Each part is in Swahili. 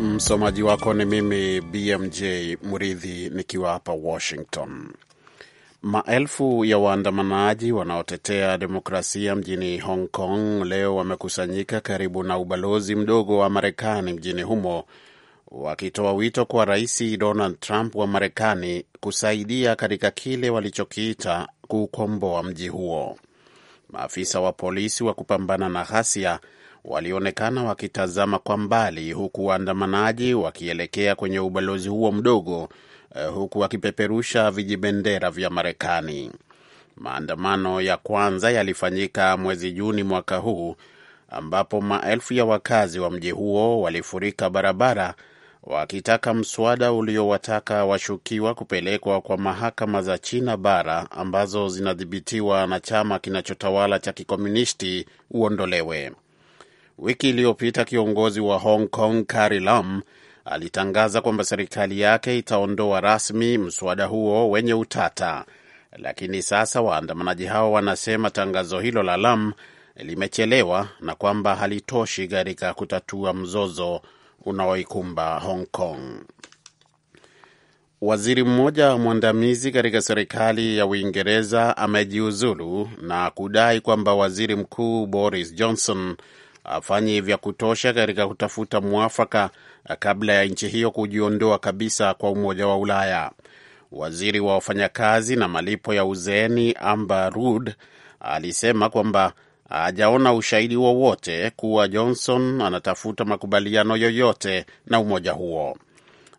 Msomaji wako ni mimi BMJ Muridhi nikiwa hapa Washington. Maelfu ya waandamanaji wanaotetea demokrasia mjini Hong Kong leo wamekusanyika karibu na ubalozi mdogo wa Marekani mjini humo wakitoa wito kwa Rais Donald Trump wa Marekani kusaidia katika kile walichokiita kuukomboa wa mji huo. Maafisa wa polisi wa kupambana na ghasia walionekana wakitazama kwa mbali, huku waandamanaji wakielekea kwenye ubalozi huo mdogo, eh, huku wakipeperusha vijibendera vya Marekani. Maandamano ya kwanza yalifanyika mwezi Juni mwaka huu ambapo maelfu ya wakazi wa mji huo walifurika barabara wakitaka mswada uliowataka washukiwa kupelekwa kwa mahakama za China bara ambazo zinadhibitiwa na chama kinachotawala cha kikomunisti uondolewe. Wiki iliyopita kiongozi wa Hong Kong Carrie Lam alitangaza kwamba serikali yake itaondoa rasmi mswada huo wenye utata, lakini sasa waandamanaji hao wanasema tangazo hilo la Lam limechelewa na kwamba halitoshi katika kutatua mzozo unaoikumba Hong Kong. Waziri mmoja mwandamizi katika serikali ya Uingereza amejiuzulu na kudai kwamba waziri mkuu Boris Johnson afanye vya kutosha katika kutafuta mwafaka eh, kabla ya nchi hiyo kujiondoa kabisa kwa Umoja wa Ulaya. Waziri wa wafanyakazi na malipo ya uzeeni Amber Rudd alisema kwamba hajaona ushahidi wowote kuwa Johnson anatafuta makubaliano yoyote na umoja huo.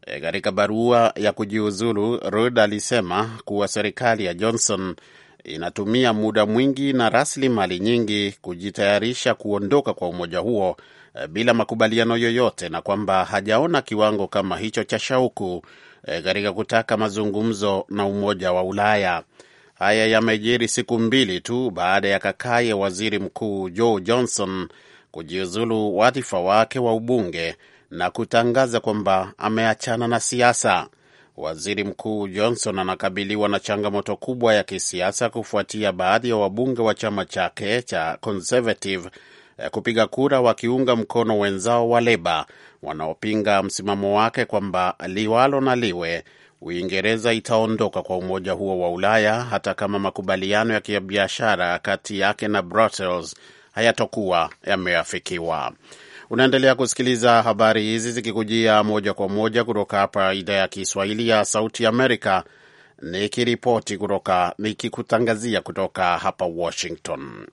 Eh, katika barua ya kujiuzulu, Rudd alisema kuwa serikali ya Johnson inatumia muda mwingi na rasilimali nyingi kujitayarisha kuondoka kwa umoja huo eh, bila makubaliano yoyote, na kwamba hajaona kiwango kama hicho cha shauku eh, katika kutaka mazungumzo na Umoja wa Ulaya. Haya yamejiri siku mbili tu baada ya kakaye waziri mkuu Joe Johnson kujiuzulu wadhifa wake wa ubunge na kutangaza kwamba ameachana na siasa. Waziri Mkuu Johnson anakabiliwa na changamoto kubwa ya kisiasa kufuatia baadhi ya wabunge wa chama chake cha Conservative eh, kupiga kura wakiunga mkono wenzao wa Leba wanaopinga msimamo wake kwamba liwalo na liwe Uingereza itaondoka kwa umoja huo wa Ulaya hata kama makubaliano ya kibiashara kati yake na Brussels hayatokuwa yameafikiwa. Unaendelea kusikiliza habari hizi zikikujia moja kwa moja kutoka hapa idhaa ya Kiswahili ya Sauti Amerika, nikiripoti kutoka, nikikutangazia kutoka hapa Washington.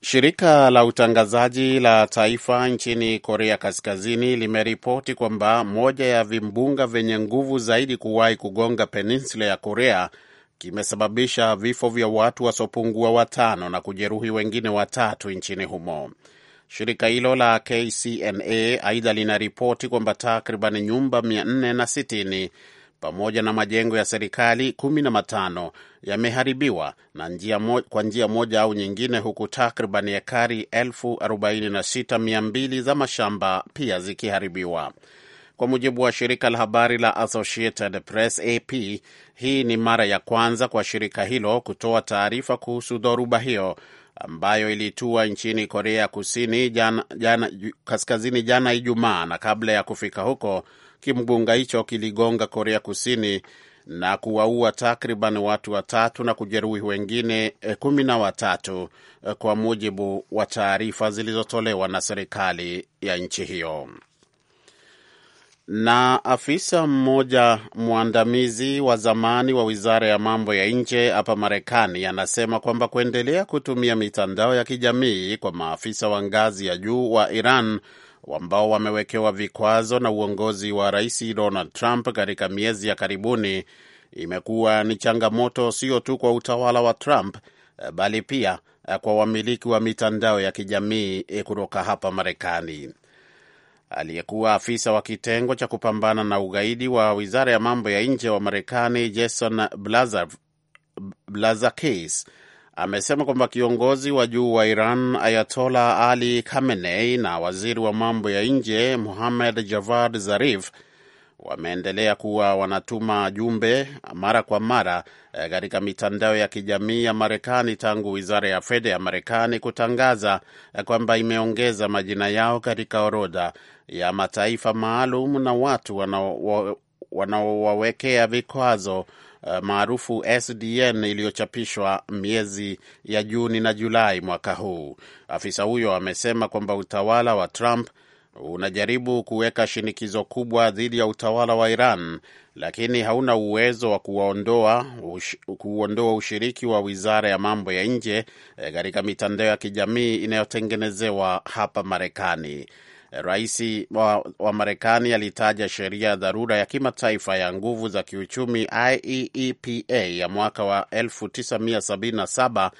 Shirika la utangazaji la taifa nchini Korea Kaskazini limeripoti kwamba moja ya vimbunga vyenye nguvu zaidi kuwahi kugonga peninsula ya Korea kimesababisha vifo vya watu wasiopungua watano na kujeruhi wengine watatu nchini humo. Shirika hilo la KCMA aidha linaripoti kwamba takriban nyumba 460 pamoja na majengo ya serikali 15 yameharibiwa na njia kwa njia moja au nyingine, huku takriban hekari 46200 za mashamba pia zikiharibiwa. Kwa mujibu wa shirika la habari la Associated Press, AP, hii ni mara ya kwanza kwa shirika hilo kutoa taarifa kuhusu dhoruba hiyo ambayo ilitua nchini Korea Kusini jana, jana, kaskazini jana Ijumaa, na kabla ya kufika huko kimbunga hicho kiligonga Korea Kusini na kuwaua takriban watu watatu na kujeruhi wengine eh, kumi na watatu eh, kwa mujibu wa taarifa zilizotolewa na serikali ya nchi hiyo. Na afisa mmoja mwandamizi wa zamani wa wizara ya mambo ya nje hapa Marekani anasema kwamba kuendelea kutumia mitandao ya kijamii kwa maafisa wa ngazi ya juu wa Iran ambao wamewekewa vikwazo na uongozi wa Rais Donald Trump katika miezi ya karibuni imekuwa ni changamoto sio tu kwa utawala wa Trump bali pia kwa wamiliki wa mitandao ya kijamii kutoka hapa Marekani aliyekuwa afisa wa kitengo cha kupambana na ugaidi wa wizara ya mambo ya nje wa Marekani Jason Blazakis amesema kwamba kiongozi wa juu wa Iran Ayatollah Ali Khamenei na waziri wa mambo ya nje Mohamed Javad Zarif wameendelea kuwa wanatuma jumbe mara kwa mara eh, katika e, mitandao ya kijamii ya Marekani tangu wizara ya fedha ya Marekani kutangaza e, kwamba imeongeza majina yao katika orodha ya mataifa maalum na watu wanaowawekea vikwazo e, maarufu SDN iliyochapishwa miezi ya Juni na Julai mwaka huu. Afisa huyo amesema kwamba utawala wa Trump unajaribu kuweka shinikizo kubwa dhidi ya utawala wa Iran, lakini hauna uwezo wa kuondoa kuondoa ushiriki wa wizara ya mambo ya nje eh, katika mitandao ya kijamii inayotengenezewa hapa Marekani. Rais wa, wa Marekani alitaja sheria ya dharura ya kimataifa ya nguvu za kiuchumi IEEPA ya mwaka wa 1977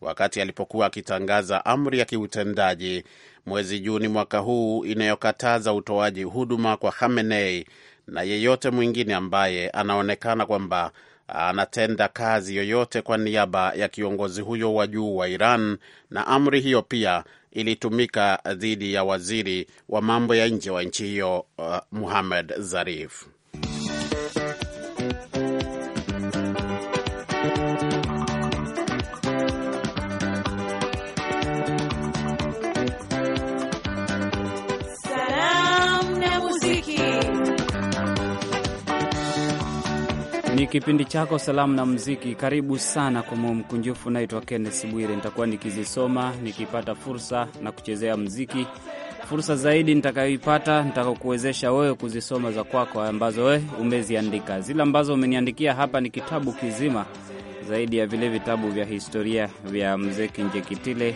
wakati alipokuwa akitangaza amri ya kiutendaji mwezi Juni mwaka huu inayokataza utoaji huduma kwa Khamenei na yeyote mwingine ambaye anaonekana kwamba anatenda kazi yoyote kwa niaba ya kiongozi huyo wa juu wa Iran. Na amri hiyo pia ilitumika dhidi ya waziri wa mambo ya nje wa nchi hiyo, uh, Muhammad Zarif. Ni kipindi chako salamu na mziki Karibu sana kwa moyo mkunjufu. Naitwa Kennes Bwire, nitakuwa nikizisoma nikipata fursa na kuchezea mziki Fursa zaidi nitakayoipata nitakakuwezesha wewe kuzisoma za kwako ambazo wewe umeziandika. Zile ambazo umeniandikia hapa ni kitabu kizima, zaidi ya vile vitabu vya historia vya mzee Kinjekitile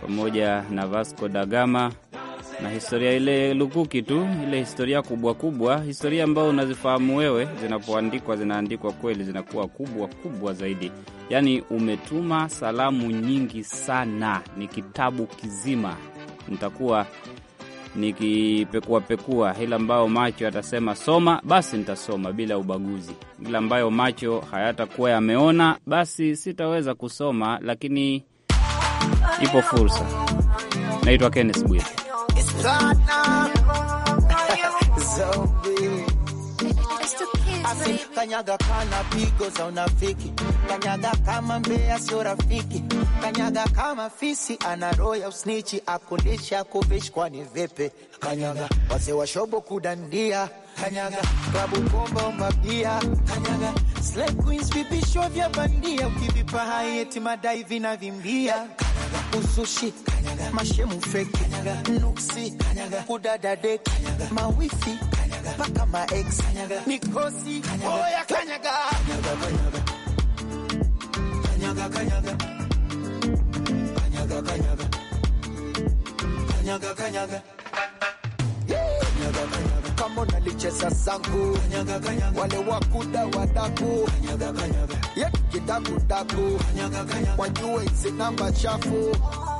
pamoja na Vasco da Gama na historia ile lukuki tu, ile historia kubwa kubwa, historia ambayo unazifahamu wewe, zinapoandikwa zinaandikwa kweli, zinakuwa kubwa kubwa zaidi. Yaani umetuma salamu nyingi sana, ni kitabu kizima nitakuwa nikipekuapekua ile ambayo macho atasema soma, basi nitasoma bila ubaguzi. Ile ambayo macho hayatakuwa yameona, basi sitaweza kusoma, lakini ipo fursa. Naitwa Kenneth Bwire. Kanyaga kana pigo za unafiki, kanyaga kama mbea sio rafiki, kanyaga kama fisi ana roho ya usnichi, akundisha kubishi kwani vipi? Kanyaga wa shobo kudandia, kanyaga klabu pomba umabia, kanyaga slay queens vipisho vya bandia, ukivipa haieti madai vinavimbia usushi kanyaga mashemu feki kanyaga nuksi kanyaga kudada dek kanyaga mawifi kanyaga paka ma ex kanyaga mikosi kanyaga oya oh, kanyaga kanyaga kanyaga kanyaga kanyaga kanyaga kanyaga kanyaga nilicheza zangu wale wakuda wadaku ye wajue hizi namba chafu oh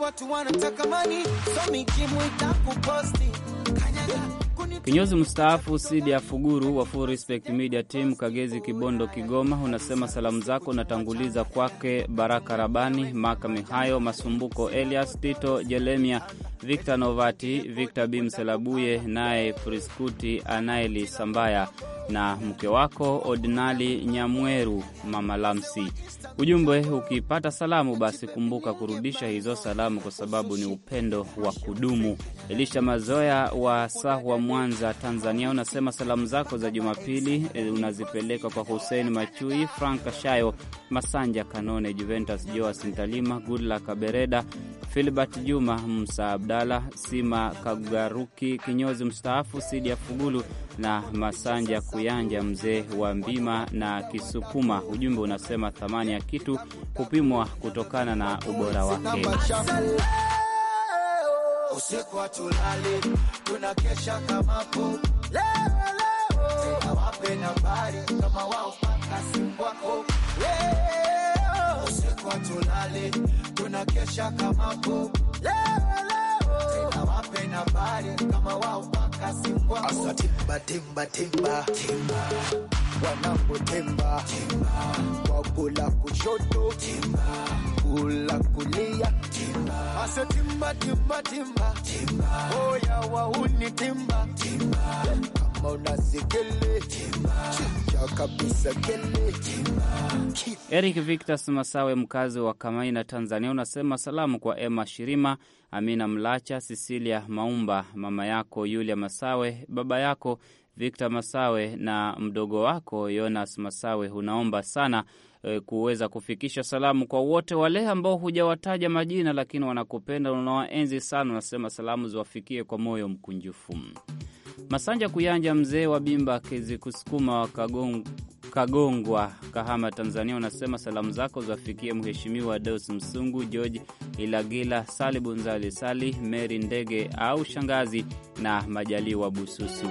watu wanataka mani so Kinyozi mstaafu Sidi Afuguru wa Full Respect Media Team, Kagezi, Kibondo, Kigoma, unasema salamu zako unatanguliza kwake Baraka Rabani, Maka Mihayo, Masumbuko, Elias Tito, Jeremia, Victor Novati, Victor Bimselabuye, naye Friskuti Anaeli Sambaya na mke wako Ordinali Nyamweru Mama Lamsi. Ujumbe, ukipata salamu basi kumbuka kurudisha hizo salamu, kwa sababu ni upendo wa kudumu. Elisha Mazoya wa Sahwa, Mwanza, Tanzania, unasema salamu zako za Jumapili e, unazipeleka kwa Hussein Machui, Frank Shayo, Masanja Kanone, Juventus Joas Ntalima, Gudla Kabereda, Filbert Juma Musa, Abdala Sima Kagaruki, kinyozi mstaafu, Sidi Fugulu na Masanja Kuyanja, mzee wa Mbima na Kisukuma. Ujumbe unasema thamani ya kitu kupimwa kutokana na ubora wake. Usiku tunakesha kama wape nambari kama wao paka simu wako. Usiku tunakesha kama wape nambari kama wao Asa timba timba timba wanangu temba wakula kushoto kula kulia asa timba timba timba oya wauni timba Eric Victas Masawe, mkazi wa Kamaina, Tanzania, unasema salamu kwa Emma Shirima, Amina Mlacha, Sisilia Maumba, mama yako Yulia Masawe, baba yako Victor Masawe na mdogo wako Yonas Masawe. Unaomba sana eh, kuweza kufikisha salamu kwa wote wale ambao hujawataja majina, lakini wanakupenda, unawaenzi sana. Unasema salamu ziwafikie kwa moyo mkunjufu. Masanja Kuyanja, mzee wa Bimba Kizikusukuma wa Kagong, Kagongwa, Kahama, Tanzania, unasema salamu zako zafikie Mheshimiwa Deus Msungu, George Ilagila, Sali Bunzali, Sali Meri Ndege au Shangazi na Majaliwa Bususu.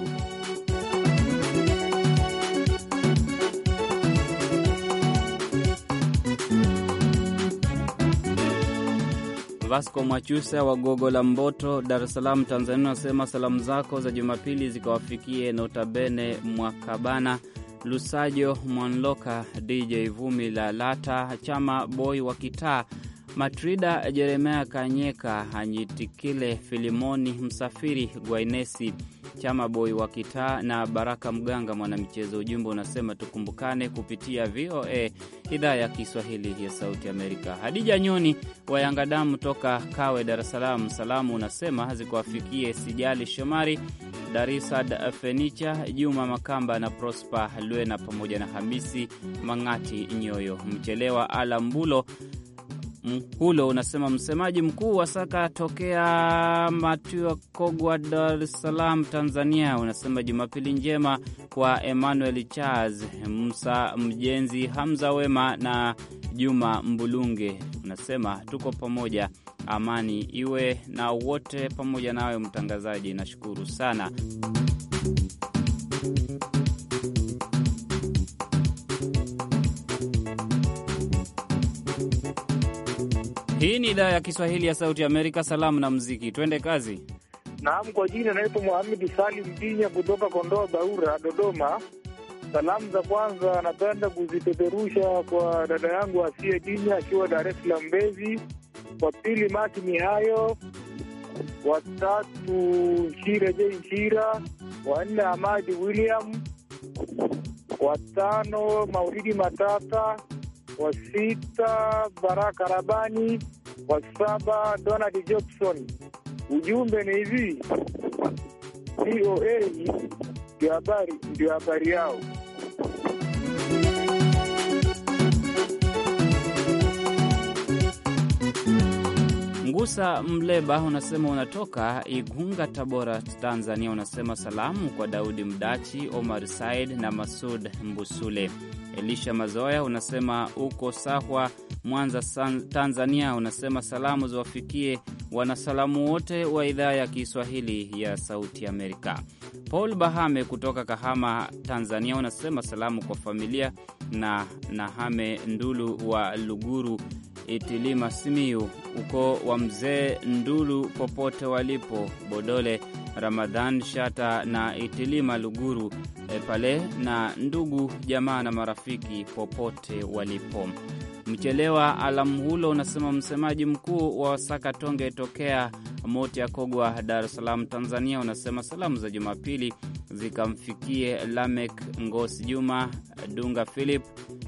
Vasco Mwachusa wa Gogo la Mboto, Dar es Salaam, Tanzania, anasema salamu zako za Jumapili zikawafikie Notabene Mwakabana, Lusajo Mwanloka, DJ Vumi la Lata, Chama Boy wa Kitaa, Matrida Jeremea Kanyeka, Anyitikile Filimoni Msafiri, Gwainesi Chama boi wa Kitaa na Baraka Mganga mwanamchezo. Ujumbe unasema tukumbukane kupitia VOA idhaa ya Kiswahili ya Sauti Amerika. Hadija Nyoni wa Yangadamu toka Kawe, Dar es Salaam, salamu unasema zikuwafikie Sijali Shomari, Darisad Fenicha, Juma Makamba na Prosper Lwena pamoja na Hamisi Mang'ati Nyoyo Mchelewa Alambulo Mkulo unasema msemaji mkuu wa Saka tokea Matua Kogwa, Dar es Salaam, Tanzania, unasema Jumapili njema kwa Emmanuel Charles Msa, Mjenzi, Hamza Wema na Juma Mbulunge. Unasema tuko pamoja, amani iwe na wote pamoja nawe mtangazaji. Nashukuru sana. Hii ni idhaa ya Kiswahili ya Sauti Amerika. Salamu na mziki, twende kazi. Naam, kwa jina naitwa muhamidi Sali Mbinya kutoka Kondoa Baura, Dodoma. Salamu za kwanza napenda kuzipeperusha kwa dada yangu Asiye Dinya akiwa Dar es Salaam Mbezi, wa pili Mati Mihayo, watatu Nshira J Nshira, wanne Amadi William, watano Mauridi Matata wa sita Baraka Rabani, wa saba Donald Jobson. Ujumbe ni hivi, VOA ndio habari ndio habari yao. Ngusa Mleba unasema unatoka Igunga, Tabora, Tanzania. Unasema salamu kwa Daudi Mdachi, Omar Said na Masud Mbusule. Elisha Mazoya unasema uko Sahwa, Mwanza, Tanzania. Unasema salamu ziwafikie wanasalamu wote wa idhaa ya Kiswahili ya Sauti Amerika. Paul Bahame kutoka Kahama, Tanzania, unasema salamu kwa familia na Nahame Ndulu wa Luguru Itilima, Simiu, ukoo wa mzee Ndulu popote walipo Bodole, Ramadhan Shata na Itilima Luguru e, pale, na ndugu jamaa na marafiki popote walipo. Mchelewa Alamhulo unasema msemaji mkuu wa Sakatonge tokea moti akogwa Dar es Salaam, Tanzania, unasema salamu za Jumapili zikamfikie Lamek Ngosi, Juma Dunga, Philip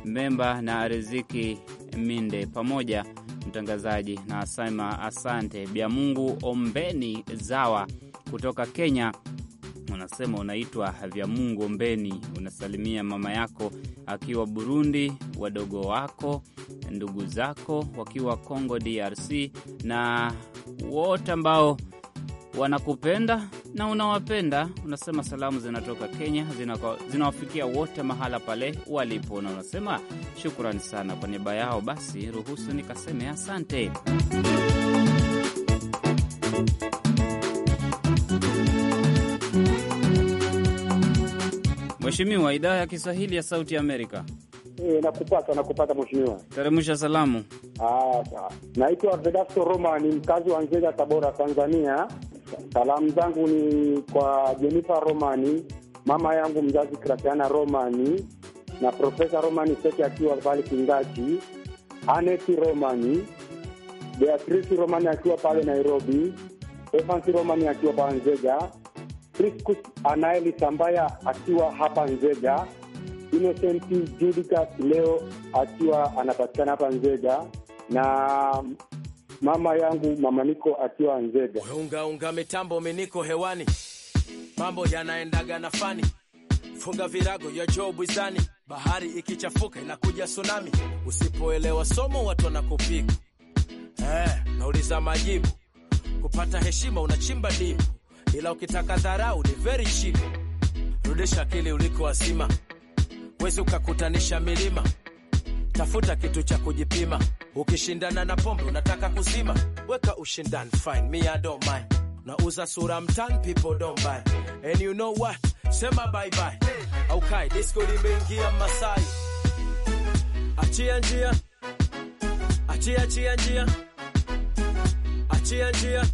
Memba na Riziki Minde pamoja mtangazaji na asema asante. vyamungu Ombeni Zawa kutoka Kenya unasema unaitwa Vyamungu Ombeni, unasalimia mama yako akiwa Burundi, wadogo wako, ndugu zako wakiwa Congo DRC na wote ambao wanakupenda na unawapenda. Unasema salamu zinatoka Kenya, zinawafikia wote mahala pale walipo, na unasema shukrani sana kwa niaba yao. Basi ruhusu nikaseme asante. Mheshimiwa, idhaa ya Kiswahili ya Sauti ya Amerika. Eh, nakupata nakupata mheshimiwa. Teremsha salamu. Ah, Naitwa Vedasto Roma, ni mkazi wa Nzega, Tabora, Tanzania. Salamu zangu ni kwa Jenifa Romani, mama yangu mzazi Kratiana Romani na Profesa Romani Seke akiwa pale Kingati, Aneti Romani, Beatrice Romani akiwa pale Nairobi, Evans Romani akiwa pale Nzega, Priscus Anaeli Sambaya akiwa hapa Nzega Innocent leo akiwa anapatikana hapa Nzega na mama yangu mama niko akiwa Nzega. Unga unga mitambo miniko hewani, mambo yanaendaga na fani, funga virago ya jobu izani, bahari ikichafuka inakuja tsunami. Usipoelewa somo watu wanakupika eh, nauliza majibu, kupata heshima unachimba dipu, ila ukitaka dharau ni very cheap. Rudisha akili uliko asima wezi ukakutanisha milima, tafuta kitu cha kujipima. Ukishindana na pombe unataka kuzima, weka ushindani fine, me I don't mind. Nauza sura mtan, people don't buy. And you know what? Sema bye bye. Aukai, disco limeingia Masai. Achia njia. Achia achia njia. Achia njia.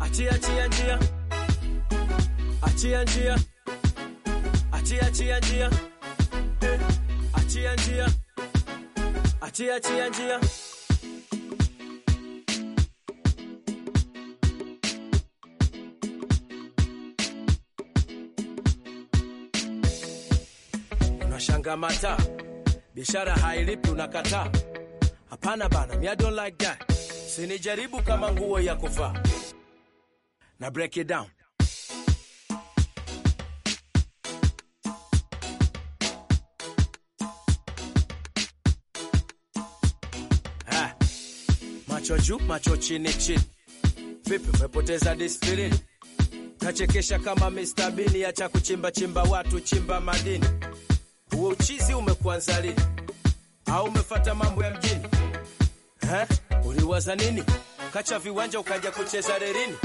Achia achia njia. Achia njia. Achia achia njia achia njia, achia achia njia. Unashangamata biashara hailipi, unakataa. Hapana bana, me I don't like that. Sinijaribu kama nguo ya kuvaa na break it down macho juu, macho chini chini. Vipi umepoteza disiplini? Nachekesha kama Mr. Bean, acha kuchimba chimba watu, chimba madini. Huo uchizi umekuanza lini? Au umefata mambo ya mjini? Uliwaza nini? Kacha viwanja ukaja kucheza rerini.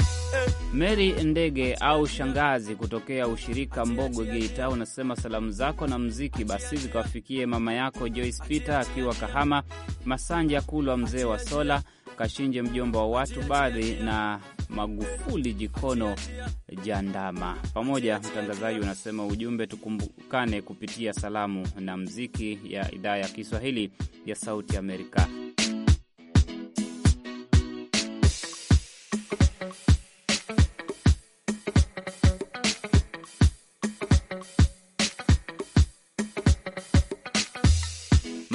Mary Ndege au Shangazi kutokea ushirika Mbogwe Geita, unasema salamu zako na mziki basi zikawafikie mama yako Joyce Peter akiwa Kahama, Masanja Kulwa, mzee wa Sola, Kashinje mjomba wa watu baadhi na Magufuli jikono jandama pamoja. Mtangazaji unasema ujumbe tukumbukane kupitia salamu na mziki ya idhaa ya Kiswahili ya Sauti Amerika.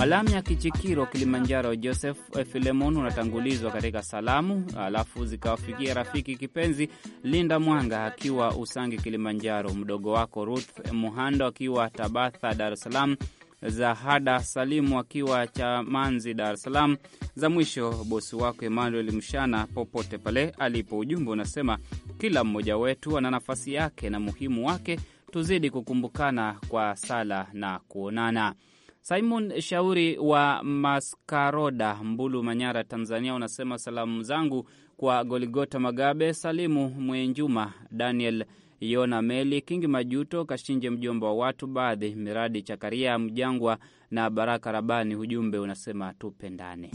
Malamya Kichikiro, Kilimanjaro. Joseph Filemon unatangulizwa katika salamu, alafu zikawafikia rafiki kipenzi Linda Mwanga akiwa Usangi, Kilimanjaro, mdogo wako Ruth Muhando akiwa Tabatha, Dar es Salaam, Zahada Salimu akiwa Chamanzi, Dar es Salaam. Za mwisho bosi wako Emmanuel Mshana, popote pale alipo. Ujumbe unasema kila mmoja wetu ana nafasi yake na muhimu wake, tuzidi kukumbukana kwa sala na kuonana. Simon Shauri wa Maskaroda, Mbulu, Manyara, Tanzania, unasema salamu zangu kwa Goligota Magabe, Salimu Mwenjuma, Daniel Yona Meli, Kingi Majuto, Kashinje mjomba wa watu, baadhi miradi Chakaria Mjangwa na Baraka Rabani. Ujumbe unasema tupendane.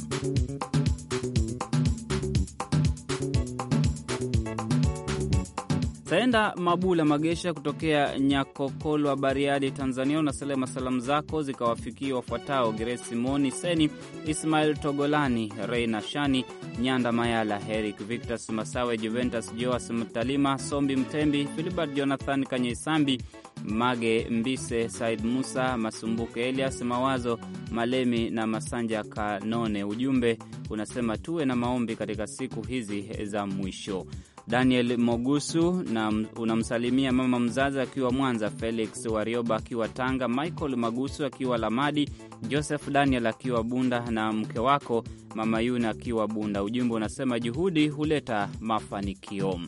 Saenda Mabula Magesha kutokea Nyakokolwa, Bariadi, Tanzania, unaselema salamu zako zikawafikia wafuatao: Gresi Moni Seni, Ismail Togolani, Reina Shani, Nyanda Mayala, heric Victas Masawe, Juventus Joas Mtalima, Sombi Mtembi, Filibert Jonathan Kanyeisambi, Mage Mbise, Said Musa Masumbuke, Elias Mawazo Malemi na Masanja Kanone. Ujumbe unasema tuwe na maombi katika siku hizi za mwisho. Daniel Mogusu na unamsalimia mama mzazi akiwa Mwanza, Felix Warioba akiwa Tanga, Michael Magusu akiwa Lamadi, Joseph Daniel akiwa Bunda na mke wako mama Yuna akiwa Bunda. Ujumbe unasema juhudi huleta mafanikio.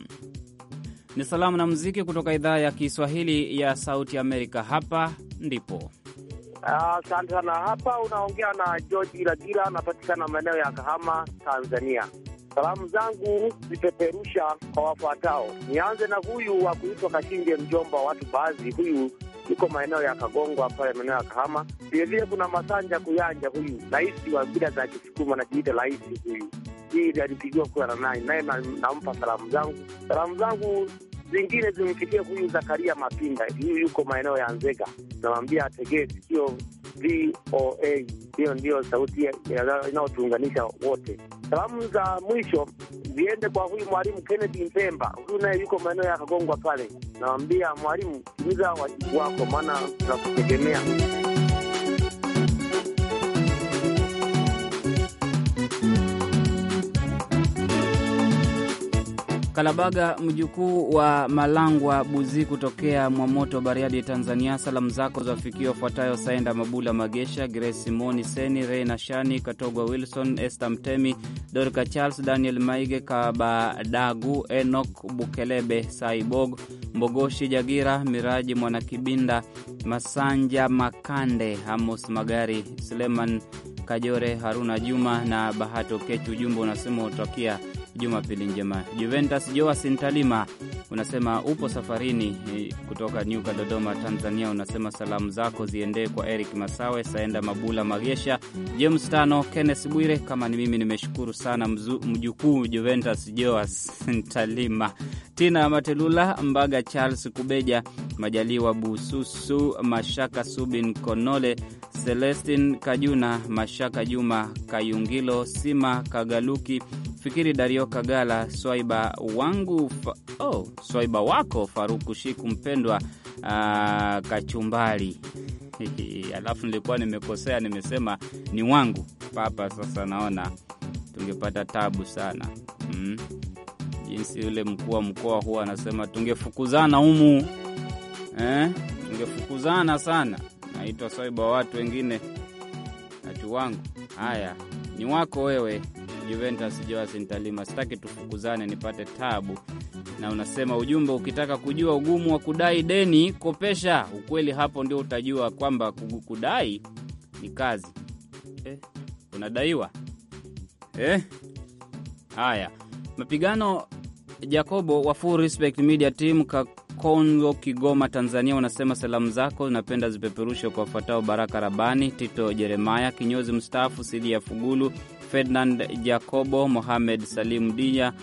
Ni salamu na muziki kutoka idhaa ya Kiswahili ya Sauti Amerika. Hapa ndipo asante uh, sana. Hapa unaongea na George Ilagila, anapatikana maeneo ya Kahama, Tanzania. Salamu zangu zipeperusha kwa wafuatao. Nianze na huyu wa kuitwa Kashinge, mjomba wa watu baadhi. Huyu yuko maeneo ya Kagongwa pale maeneo ya Kahama. Vilevile kuna Masanja Kuyanja, huyu raisi wa bila za Kisukuma, najiita raisi huyu. Hii alipigiwa kura na nani naye, nampa salamu zangu. Salamu zangu zingine zimfikie huyu Zakaria Mapinda, huyu yuko maeneo ya Nzega. Namwambia ategee sikio VOA, hiyo ndiyo sauti inayotuunganisha wote. Salamu za mwisho ziende kwa huyu mwalimu Kennedy Mpemba, huyu naye yuko maeneo ya Kagongwa pale. Nawambia mwalimu, timiza wajibu wako, maana tunakutegemea. Kalabaga, mjukuu wa Malangwa Buzi kutokea Mwamoto, Bariadi, Tanzania. Salamu zako zawafikia wafuatayo: Saenda Mabula, Magesha, Grace Simoni, Seni Reina, Shani Katogwa, Wilson este Mtemi, Dorka Charles, Daniel Maige, Kabadagu, Enok Bukelebe, Saibog Mbogoshi, Jagira Miraji, Mwanakibinda, Masanja Makande, Amos Magari, Suleman Kajore, Haruna Juma na Bahato kechi Ujumbe unasema utokia Jumapili njema. Juventus Joasin Talima unasema upo safarini eh, kutoka Nyuka, Dodoma, Tanzania. Unasema salamu zako ziendee kwa Eric Masawe, Saenda Mabula, Magesha James Tano, Kenneth Bwire. Kama ni mimi nimeshukuru sana, mjukuu Juventus Joas Ntalima, Tina Matelula, Mbaga Charles Kubeja, Majaliwa Bususu, Mashaka Subin Konole, Celestin Kajuna, Mashaka Juma Kayungilo, Sima Kagaluki, Fikiri Dario Kagala, Swaiba wangu fa oh, swaiba wako Faruku Shiku mpendwa ah, kachumbari alafu nilikuwa nimekosea, nimesema ni wangu papa. Sasa naona tungepata tabu sana mm. Jinsi yule mkuu wa mkoa huwa anasema tungefukuzana humu eh? Tungefukuzana sana. Naitwa swaiba watu wengine natu wangu. Haya, ni wako wewe Juventus Joasin sitaki tufukuzane, nipate tabu na unasema ujumbe, ukitaka kujua ugumu wa kudai deni, kopesha. Ukweli hapo ndio utajua kwamba kudai ni kazi eh. Unadaiwa eh? Haya, mapigano. Jacobo wa Full Respect Media Team Kakongo, Kigoma, Tanzania, unasema salamu zako napenda zipeperushe kwa wafuatao: Baraka Rabani, Tito Jeremaya kinyozi mstaafu, ya Fugulu, Ferdinand Jacobo, Mohamed Salim Dinya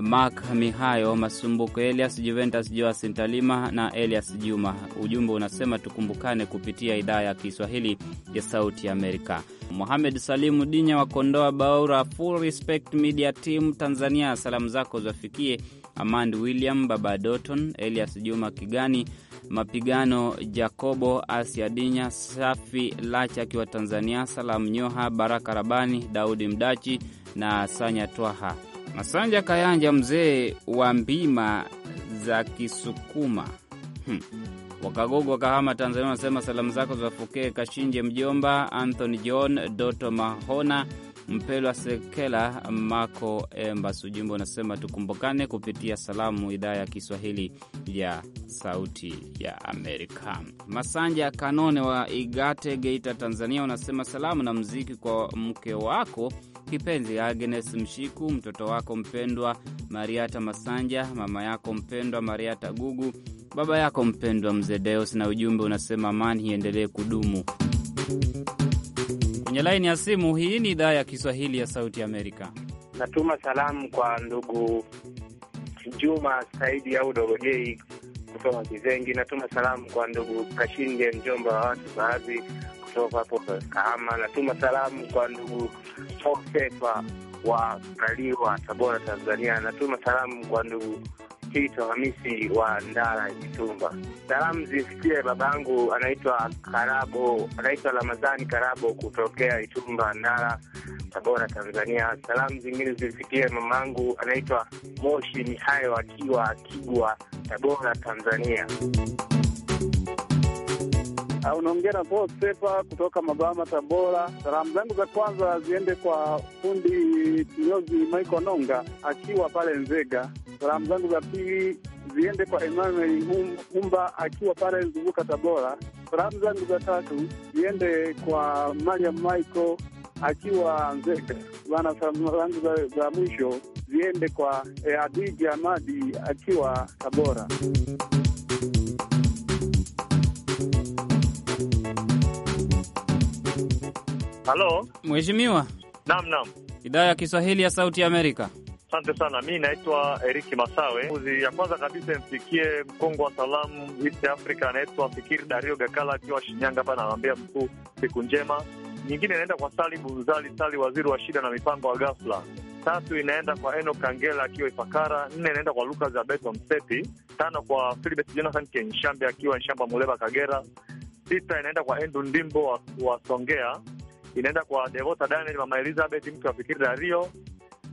Mark Mihayo Masumbuko, Elias Juventus, Joas Ntalima na Elias Juma. Ujumbe unasema tukumbukane kupitia idhaa ya Kiswahili ya Sauti ya Amerika. Mohamed Salimu Dinya wa Kondoa Baura, Full Respect Media Team Tanzania, salamu zako zafikie Amand William, Baba Doton, Elias Juma Kigani, Mapigano Jacobo, Asia Dinya, Safi Lacha akiwa Tanzania, salamu Nyoha, Baraka Rabani, Daudi Mdachi na Sanya Twaha Masanja Kayanja, mzee wa mbima za Kisukuma hm. Wakagogo kahama Tanzania wanasema salamu zako ziwapokee Kashinje mjomba Anthony John Doto Mahona Mpelwa Sekela Mako Embas. Ujumbe unasema tukumbukane kupitia salamu, idhaa ya Kiswahili ya Sauti ya Amerika. Masanja Kanone wa Igate, Geita, Tanzania unasema salamu na mziki kwa mke wako Kipenzi Agnes Mshiku, mtoto wako mpendwa Mariata Masanja, mama yako mpendwa Mariata Gugu, baba yako mpendwa Mzee Deus, na ujumbe unasema amani iendelee kudumu. Kwenye laini ya simu hii ni idhaa ya Kiswahili ya Sauti Amerika. Natuma salamu kwa ndugu Juma Saidi au Dogojei kutoka Kizengi. Natuma salamu kwa ndugu Kashinge, mjomba wa watu baadhi kutoka hapo Kahama. Natuma salamu kwa ndugu Josefa wa wa Tabora, Tanzania. Natuma salamu kwa ndugu Tito Hamisi wa Ndara, Kitumba. Salamu zifikie babangu anaitwa Karabo, anaitwa Ramadhani Karabo kutokea Itumba, Ndara, Tabora, Tanzania. Salamu zingine zifikie mamangu anaitwa Moshi Mihayo akiwa Kigwa, Tabora, Tanzania. Ah, unaongea na Paul Sepa kutoka Mabama, Tabora. Salamu zangu za kwanza ziende kwa fundi kinyozi Michael Nonga akiwa pale Nzega. Salamu zangu za pili ziende kwa Emmanuel humba akiwa pale Nzunguka, Tabora. Salamu zangu za tatu ziende kwa Mariam Michael akiwa Nzega bana. Salamu zangu za, za mwisho ziende kwa eh, Adija Amadi akiwa Tabora. Halo mheshimiwa. Naam, naam. Idhaa ya Kiswahili ya Sauti ya Amerika. Asante sana. Mi naitwa Eriki Masawe. Uzi ya kwanza kabisa imfikie mkongo wa salamu East Africa, anaitwa Fikiri Dario Gakala akiwa Shinyanga hapa, anawaambia mkuu siku njema. Nyingine inaenda kwa Sali Bunzali Sali, waziri wa shida na mipango wa ghafla. Tatu inaenda kwa Eno Kangela akiwa Ifakara. Nne inaenda kwa Lukas Abeto Mseti. Tano kwa Filibert Jonathan Kenshambi akiwa Nshamba Muleba, Kagera. Sita inaenda kwa Endu Ndimbo wa, wa Songea inaenda kwa Devota Daniel, Mama Elizabeth mke wa Fikiri Dario,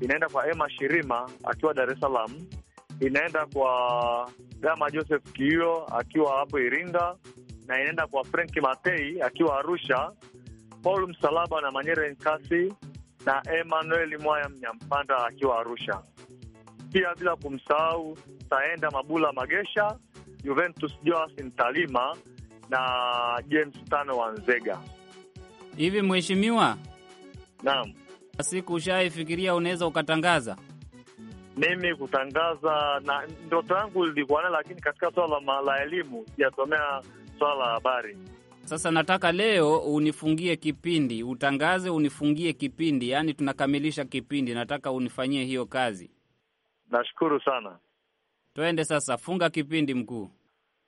inaenda kwa Emma Shirima akiwa Dar es Salaam, inaenda kwa dama Joseph Kiio akiwa hapo Iringa, na inaenda kwa Frank Matei akiwa Arusha, Paul Msalaba na Manyere Nkasi na Emmanuel Mwaya Mnyampanda akiwa Arusha. Pia bila kumsahau Taenda Mabula Magesha, Juventus Joas Ntalima na James Tano Wanzega. Hivi mheshimiwa, naam, siku ushaifikiria unaweza ukatangaza? Mimi kutangaza na ndoto yangu ilikuwa na, lakini katika swala la elimu sijasomea swala la habari. Sasa nataka leo unifungie kipindi, utangaze unifungie kipindi, yaani tunakamilisha kipindi. Nataka unifanyie hiyo kazi. Nashukuru sana, twende sasa, funga kipindi mkuu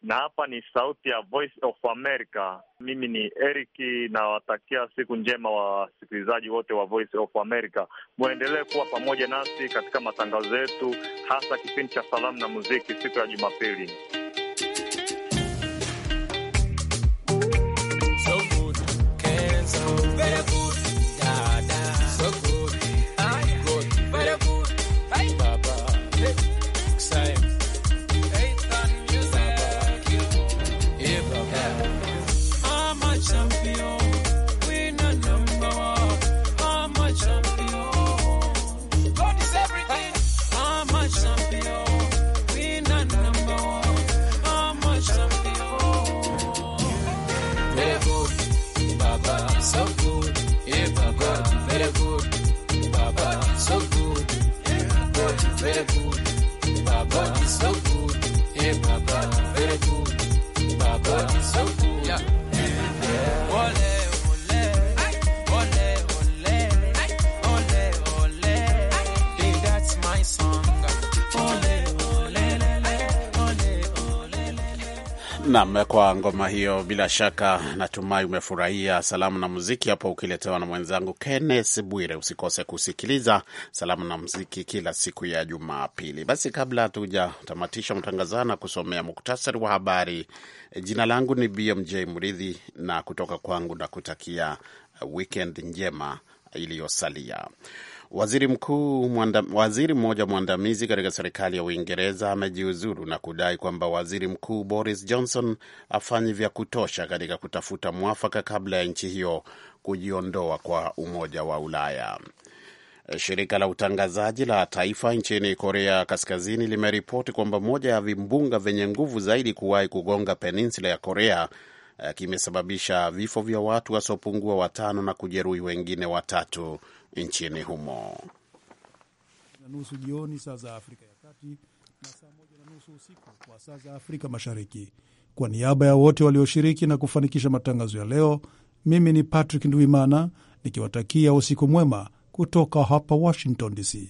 na hapa ni sauti ya Voice of America. Mimi ni Eric, nawatakia siku njema wasikilizaji wote wa Voice of America. Mwendelee kuwa pamoja nasi katika matangazo yetu, hasa kipindi cha salamu na muziki siku ya Jumapili. Nam, kwa ngoma hiyo, bila shaka natumai umefurahia salamu na muziki hapo, ukiletewa na mwenzangu Kenneth Bwire. Usikose kusikiliza salamu na muziki kila siku ya Jumapili. Basi kabla hatujatamatisha mtangazana kusomea muktasari wa habari, jina langu ni BMJ Mridhi, na kutoka kwangu na kutakia wikendi njema iliyosalia. Waziri mkuu mwanda, waziri mmoja mwandamizi katika serikali ya Uingereza amejiuzuru na kudai kwamba waziri mkuu Boris Johnson afanyi vya kutosha katika kutafuta mwafaka kabla ya nchi hiyo kujiondoa kwa Umoja wa Ulaya. Shirika la utangazaji la taifa nchini Korea Kaskazini limeripoti kwamba moja ya vimbunga vyenye nguvu zaidi kuwahi kugonga peninsula ya Korea Eh, kimesababisha vifo vya watu wasiopungua watano na kujeruhi wengine watatu nchini humo. Nusu jioni saa za Afrika ya Kati na saa moja na nusu usiku kwa saa za Afrika Mashariki. Kwa niaba ya wote walioshiriki na kufanikisha matangazo ya leo, mimi ni Patrick nduimana nikiwatakia usiku mwema kutoka hapa Washington DC.